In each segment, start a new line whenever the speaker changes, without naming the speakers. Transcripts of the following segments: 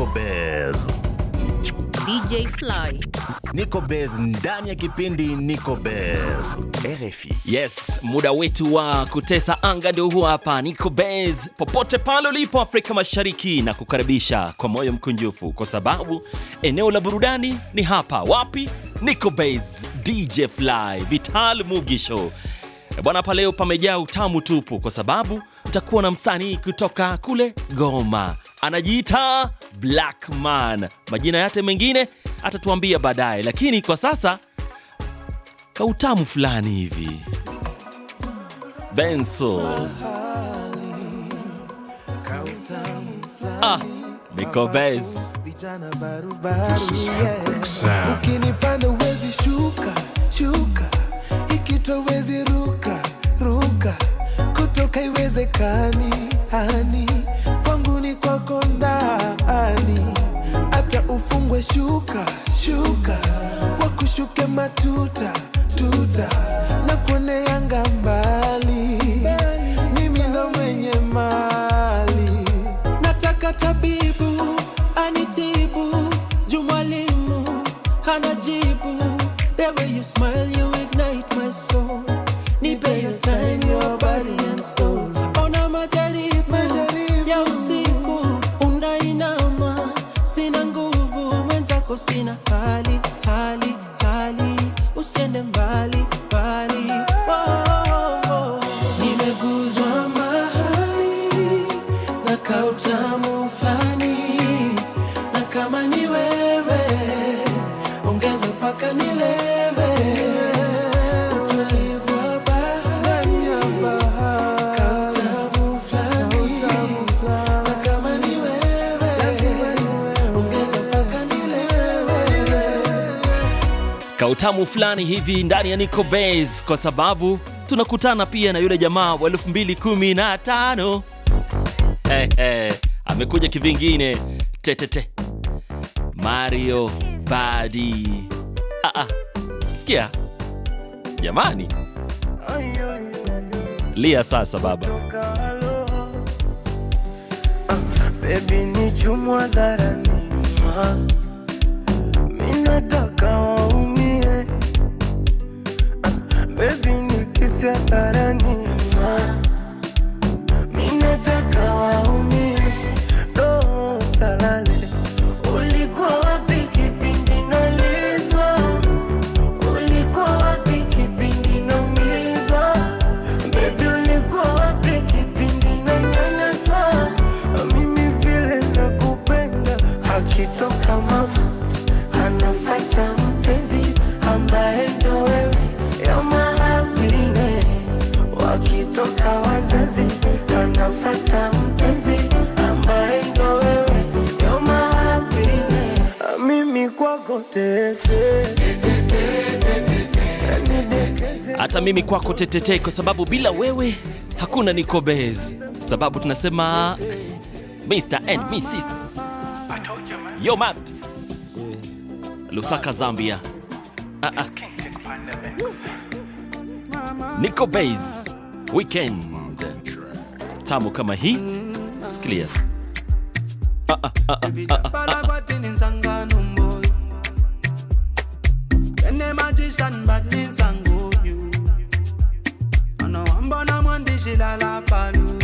Nico Bez.
DJ Fly.
Nico Bez ndani ya kipindi Nico Bez.
RFI.
Yes, muda wetu wa kutesa anga ndio huu hapa. Nico Bez popote pale ulipo Afrika Mashariki na kukaribisha kwa moyo mkunjufu kwa sababu eneo la burudani ni hapa. Wapi? Nico Bez, DJ Fly, Vital Mugisho. E bwana, hapa leo pamejaa utamu tupu kwa sababu utakuwa na msanii kutoka kule Goma anajiita Black Man. Majina yate mengine atatuambia baadaye, lakini kwa sasa kautamu fulani hivi Benso ah, Nikobez
ukinipanda uwezi shuka shuka, ikitwa uwezi ruka ruka, kutoka iwezekani hani wafungwe shuka shuka, wakushuke matuta tuta na kuone Yanga mbali. Mimi ndo mwenye mali, nataka tabibu anitibu, jumwalimu mwalimu hana jibu. The way you smile, you ignite my soul
kautamu fulani hivi ndani ya Nico Base, kwa sababu tunakutana pia na yule jamaa wa 2015 eh, eh, Amekuja kivingine tetete Mario Badi. Ah, ah. Sikia jamani, lia sasa baba
Baby, ni chumwa dharani,
hata mimi kwako tetete kwa sababu bila wewe hakuna niko base, sababu tunasema Mr and Mrs Yo Maps Lusaka, Zambia. Ah, ah. Niko base weekend tamu kama hii, ah, ah, ah, ah, ah, ah. ah.
vision, bad and you. And now I'm born, I'm on digital, I follow.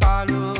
Follow.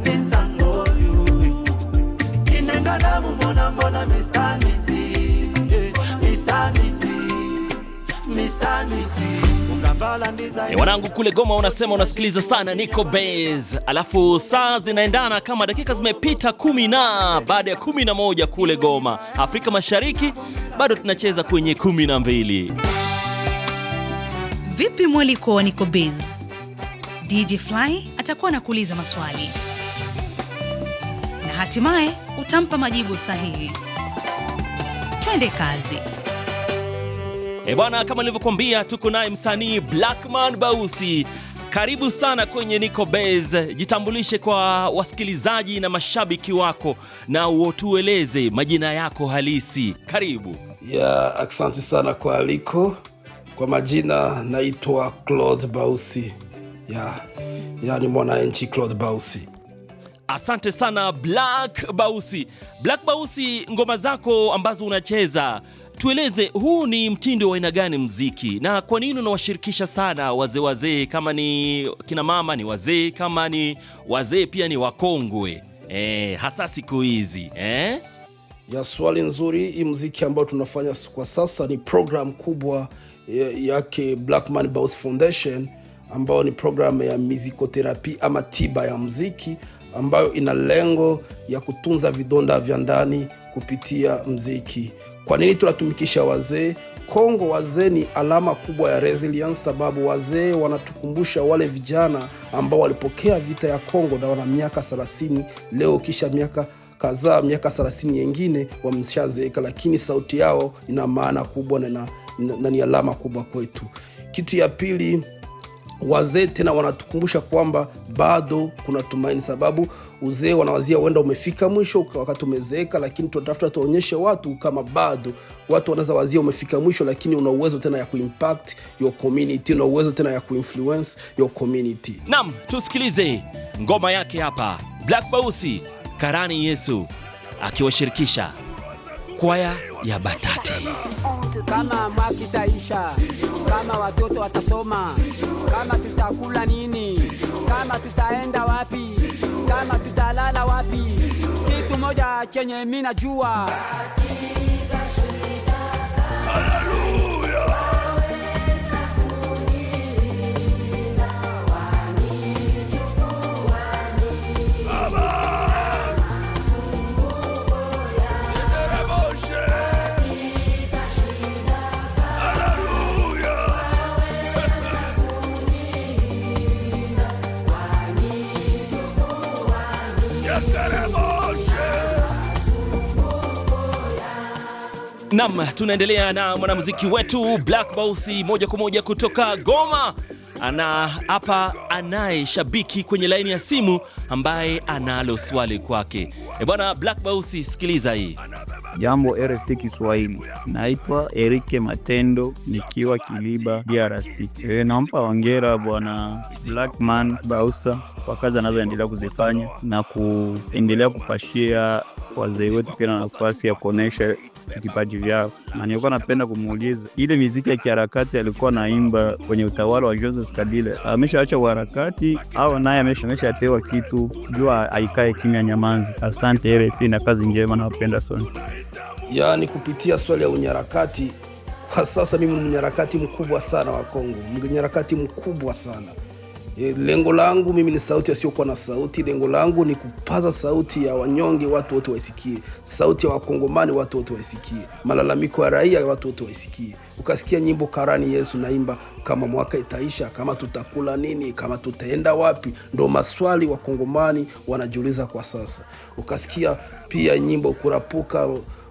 E,
wanangu kule Goma unasema unasikiliza sana Nico Bez, alafu saa zinaendana kama dakika zimepita kumi na baada ya kumi na moja kule Goma, Afrika Mashariki, bado tunacheza kwenye kumi na mbili.
Vipi mwaliko wa Nico Bez? DJ Fly atakuwa nakuuliza maswali na hatimaye utampa majibu sahihi. Twende kazi.
E bwana, kama nilivyokuambia, tuko naye msanii Blackman Bausi. Karibu sana kwenye Niko Base. Jitambulishe kwa wasikilizaji na mashabiki wako na utueleze majina yako halisi. Karibu.
Yeah, asante sana kwa aliko. Kwa majina naitwa Claude Bausi. Yeah. Yaani mwananchi Claude Bausi.
Asante sana Black Bausi. Black Bausi, ngoma zako ambazo unacheza Tueleze, huu ni mtindo wa aina gani mziki, na kwa nini unawashirikisha sana wazee wazee? Kama ni kina mama ni wazee, kama ni wazee pia ni wakongwe e, hasa siku hizi e?
ya swali nzuri. Hii mziki ambayo tunafanya kwa sasa ni program kubwa yake Black Foundation ambayo ni programu ya mizikotherapi ama tiba ya mziki ambayo ina lengo ya kutunza vidonda vya ndani kupitia mziki. Kwa nini tunatumikisha wazee? Kongo, wazee ni alama kubwa ya resilience, sababu wazee wanatukumbusha wale vijana ambao walipokea vita ya Kongo na wana miaka 30 leo, kisha miaka kadhaa, miaka 30 yengine wameshazeeka, lakini sauti yao ina maana kubwa na, na, na ni alama kubwa kwetu. Kitu ya pili wazee tena wanatukumbusha kwamba bado kuna tumaini, sababu uzee wanawazia huenda umefika mwisho wakati umezeeka, lakini tunatafuta tuonyeshe watu kama bado watu wanaweza wazia umefika mwisho, lakini una uwezo tena ya kuimpact your community, una uwezo tena ya kuinfluence your community.
Nam, tusikilize ngoma yake hapa Black Bausi Karani Yesu akiwashirikisha kwaya ya Batati.
Kama mwaki taisha kama watoto watasoma, kama tutakula nini, kama tutaenda wapi, kama tutalala wapi, kitu moja chenye mimi najua.
Haleluya!
Nam, tunaendelea na mwanamuziki wetu Black moja kwa moja kutoka Goma. Ana hapa anaye shabiki kwenye laini ya simu ambaye analo swali kwake. E bwana Black bausi sikiliza hii.
Jambo RFT Kiswahili, naitwa Erike Matendo nikiwa Kiliba DRC. E, nampa hongera Bwana Blackman Bausa kwa kazi anazoendelea kuzifanya na kuendelea kupashia wazee wetu na nafasi ya kuonyesha vipaji vyao, na nilikuwa napenda kumuuliza ile miziki ya kiharakati alikuwa naimba kwenye utawala wa Joseph Kabila, ameshaacha uharakati au naye ameshapewa kitu jua aikae kimya nyamanzi? Asante RFI na kazi njema, nawapenda sana.
Yaani, kupitia swali ya unyarakati kwa sasa, mimi ni mnyarakati mkubwa sana wa Kongo, mnyarakati mkubwa sana Eh, lengo langu mimi ni sauti wasiokuwa na sauti. Lengo langu ni kupaza sauti ya wanyonge, watu wote waisikie. Sauti ya wakongomani, watu wote waisikie. Malalamiko ya raia, watu wote waisikie. Ukasikia nyimbo karani Yesu naimba, kama mwaka itaisha, kama tutakula nini, kama tutaenda wapi, ndo maswali wakongomani wanajiuliza kwa sasa. Ukasikia pia nyimbo kurapuka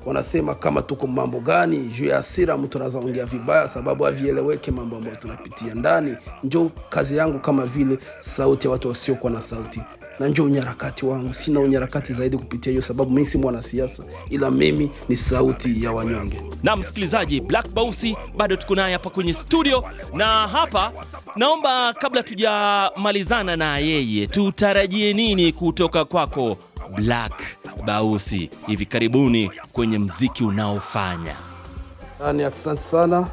wanasema kama tuko mambo gani juu ya asira mtu anaweza ongea vibaya sababu havieleweke mambo ambayo tunapitia ndani. Njo kazi yangu kama vile sauti ya watu wasiokuwa na sauti, na njo unyarakati wangu. Sina unyarakati zaidi kupitia hiyo, sababu mimi si mwanasiasa, ila mimi ni sauti ya wanyonge.
Na msikilizaji, Black Bausi bado tuko naye hapa kwenye studio, na hapa naomba kabla tujamalizana na yeye, tutarajie nini kutoka kwako Black? Bausi hivi karibuni kwenye mziki unaofanya. Ni
yaani, asante sana,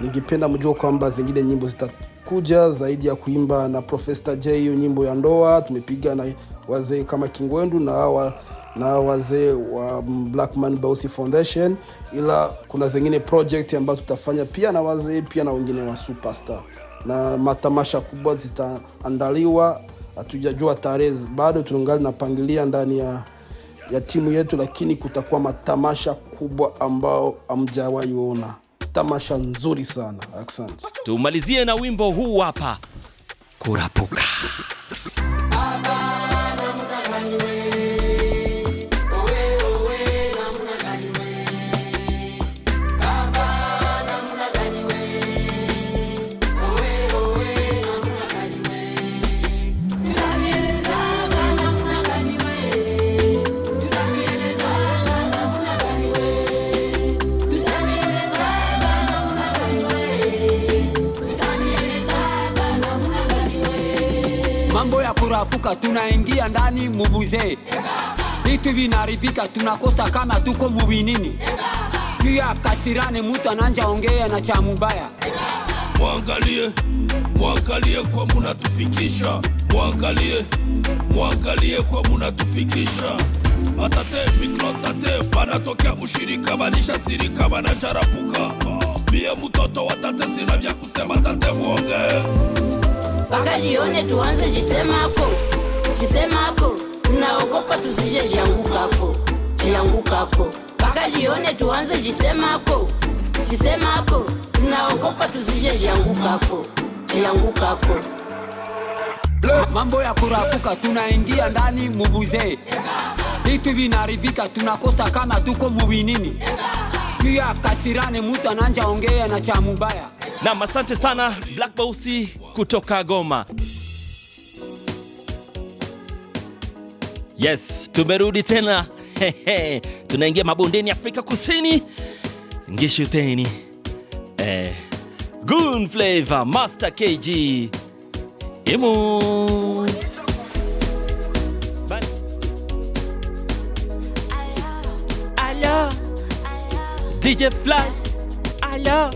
ningependa mjua kwamba zingine nyimbo zitakuja zaidi ya kuimba na Profesa J, hiyo nyimbo ya ndoa tumepiga na wazee kama Kingwendu na hawa na wazee wa Black Bausi Foundation, ila kuna zingine project ambazo tutafanya pia na wazee pia na wengine wa superstar, na matamasha kubwa zitaandaliwa. Hatujajua tarehe bado, tungali napangilia ndani ya ya timu yetu, lakini kutakuwa matamasha kubwa ambao amjawaiona tamasha nzuri sana. Asante.
Tumalizie na wimbo huu hapa, kurapuka.
kuingia ndani mubuze, vitu vinaribika, tunakosa kama tuko mubinini juu ya kasirani, mutu ananja ongea na cha mubaya.
Mwangalie, mwangalie kwa munatufikisha, mwangalie, mwangalie kwa munatufikisha Atate mikro tate banatokea ushirika banisha sirika banacharapuka. Mie mutoto wa tate sina vya kusema, tate muonge
bakajione tuanze jisemako kisemako, tunaogopa tusije jiangukako, jiangukako mpaka jione tuanze jisemako, jisemako, tunaogopa tusije jiangukako, jiangukako
mambo ya kurapuka, tunaingia ndani mubuzee, vitu vinaribika, tunakosa kama tuko muwinini juu ya kasirani, mutu ananja ongea na cha mubaya.
Nam, asante sana Black Boss kutoka Goma. Yes, tumerudi tena Tunaingia mabondeni Afrika Kusini, ngeshuteni eh, Gun Flavor, Master KG imu
Alo DJ Fly Alo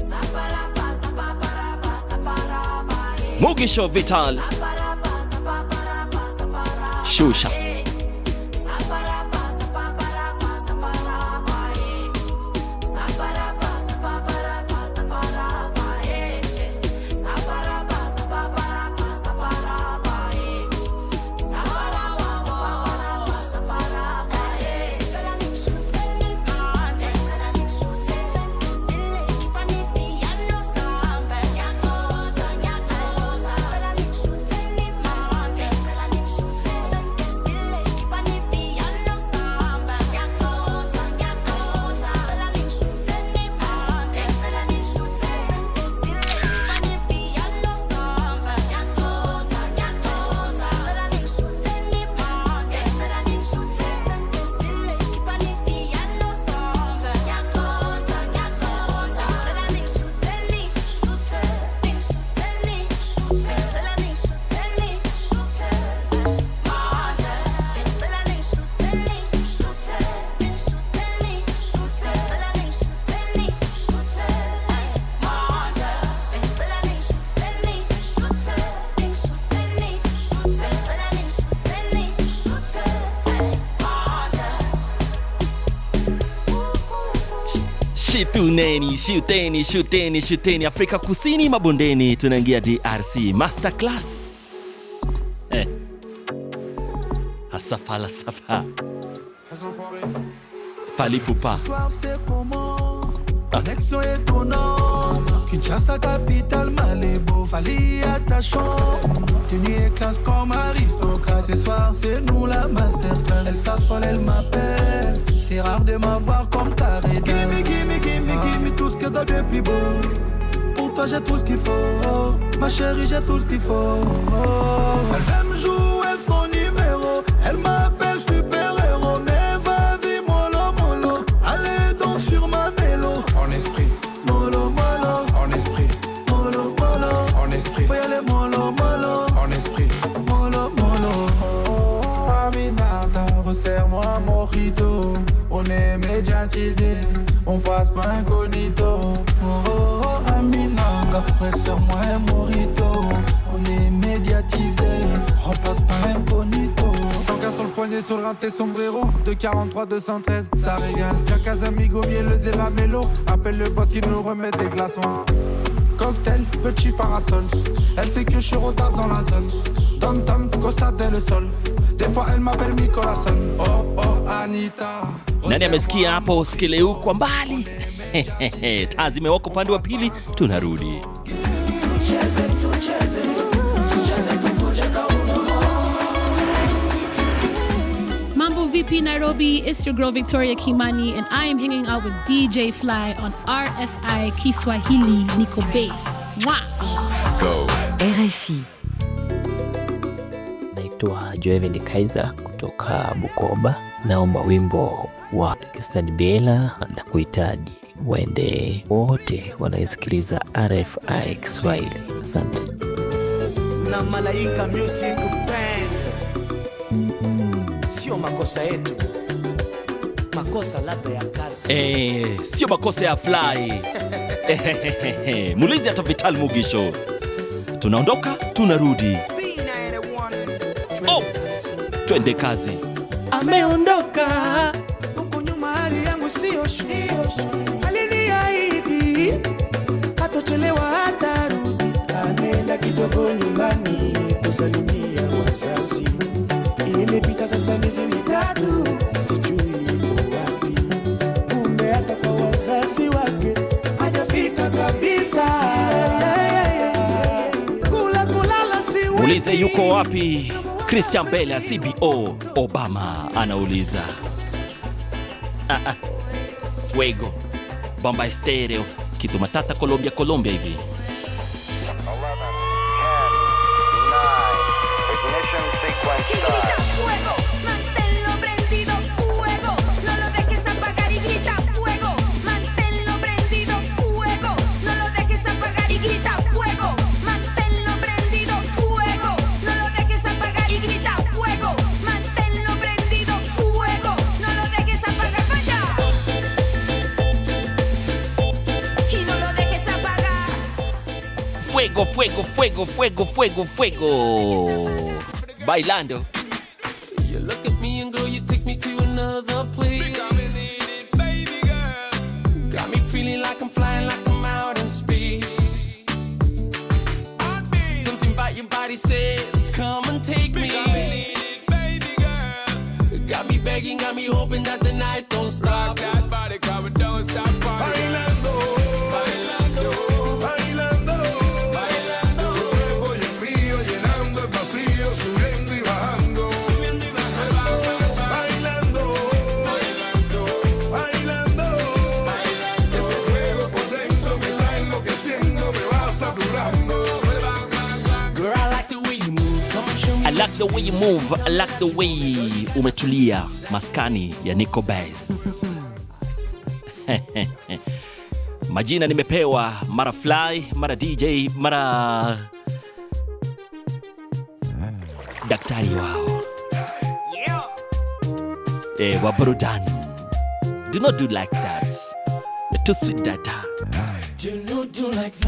Mugisho Vital Shusha Shituneni, shuteni, shuteni, shuteni. Afrika Kusini mabondeni, tunaingia DRC masterclass eh. Hasa palipupa
Connexion étonnante, Kinshasa capitale, Malébo, Fali attachant. Tenue et classe comme aristocrate, ce soir c'est nous la masterclass. Elle s'affole, elle m'appelle, c'est rare de m'avoir comme ta Gimme, gimme, gimme, ah. gimme tout ce que t'as de plus beau. Pour toi j'ai tout ce qu'il faut, ma chérie j'ai tout ce qu'il faut. Elle me jouer 40 sombrero, de 43 213, ça régale. Jacques amigo, miel, le appelle le boss qui nous remet des glaçons. Cocktail, petit parasol, elle sait que je suis retard dans la zone. Tom Tom, Costa le Sol, des fois elle m'appelle Nicolason. Oh oh Anita. Nani amesikia
hapo skele kwa mbali? Taa zimewaka upande wa pili, tunarudi. Tucheze, tucheze.
MVP Nairobi, it's your girl Victoria Kimani, and I am hanging out with DJ Fly on RFI Kiswahili Nico Bass. Mwah! Go. RFI.
Naitua Joeven Kaiser kutoka Bukoba, naomba wimbo wa Kistani Bela na kuhitaji Wende wote wanaisikiliza RFI Kiswahili. Asante na Malaika Music Band
sio makosa yetu, makosa labda ya kazi eh, sio makosa ya Fly mulizi hata Vital Mugisho. Tunaondoka tunarudi, oh, twende kazi. Ameondoka huku nyuma, hali yangu sio shwari, aliniahidi hatochelewa hata rudi. Ameenda kidogo nyumbani kusalimia wazazi Ulize yuko wapi? Christian bele ya CBO Obama anauliza. Ah, ah. Fuego. Bomba Estéreo. Kitu matata Colombia Colombia hivi. fuego, fuego, fuego, fuego. Bailando. You look at me and go you take me to another place. Baby girl. Got me feeling like I'm flying like I'm out in space. Something about your body says, come and take me. Got me begging, got me hoping that the night don't stop. Rock that body, come don't stop. like the way you move, I like the way umetulia. Maskani ya Nico Bass. Majina nimepewa mara fly, mara DJ, mara daktari wao yeah. Eh, wa burudani. Do not do like that. You're too sweet dada. Do not do like that.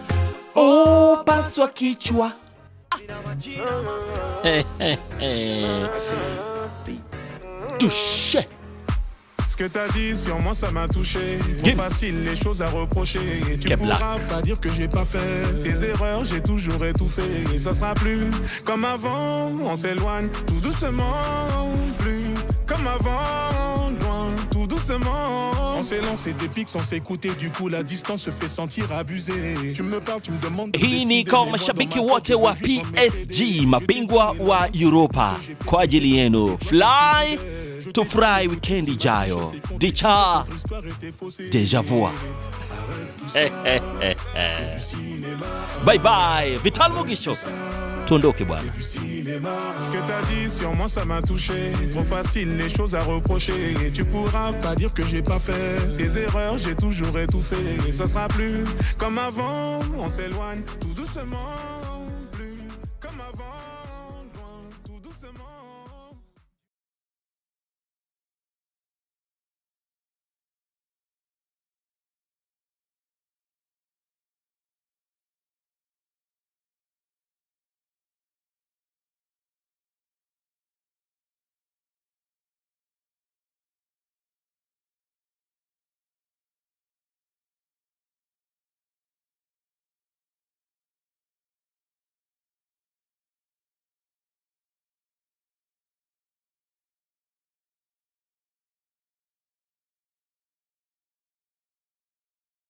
pas oh, pas soi qui Tu Touché. Ce que t'as dit sur moi, ça m'a touché. Trop facile, les choses à reprocher. Et tu ne pourras pas dire que j'ai pas fait tes erreurs, j'ai toujours étouffé. Et ça sera plus comme avant. On s'éloigne tout doucement, plus comme avant tout doucement. On s'est lancé des pics sans s'écouter, du coup la distance se fait sentir abusée. Tu me parles, tu me demandes. Hii ni kwa mashabiki wote wa PSG, mabingwa wa Europa, kwa ajili yenu fly tufurahi wikendi ijayo. Dicha deja vu. Bye bye, Vital Mugisho. Ce que t'as dit sur moi ça m'a touché. Trop facile les choses à reprocher. Et tu pourras pas dire que j'ai pas fait tes erreurs, j'ai toujours étouffé. Et ce sera plus comme avant, on s'éloigne tout doucement.